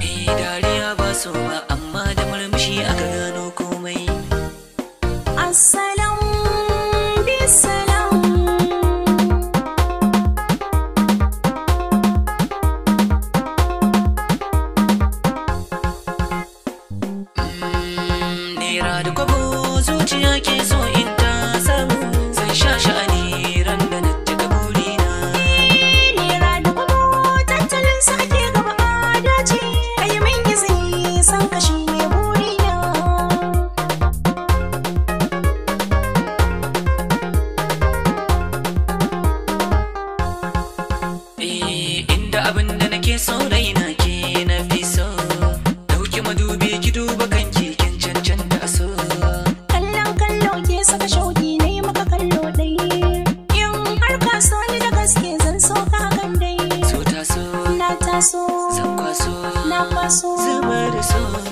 Eh, dariya ba so ba amma da murmushi aka gano komai. abin da nake so raina ke na fi so dauki madubi ki duba keken kin cancanta a so kallon kallo ke saka shauki ne maka kallo dai in har ka so ni da gaske zan so ka kan dai so ta so na ta so zan kwaso na kwaso zama da so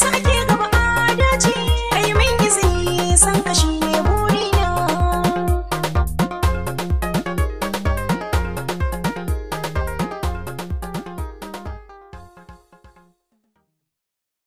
Sorry.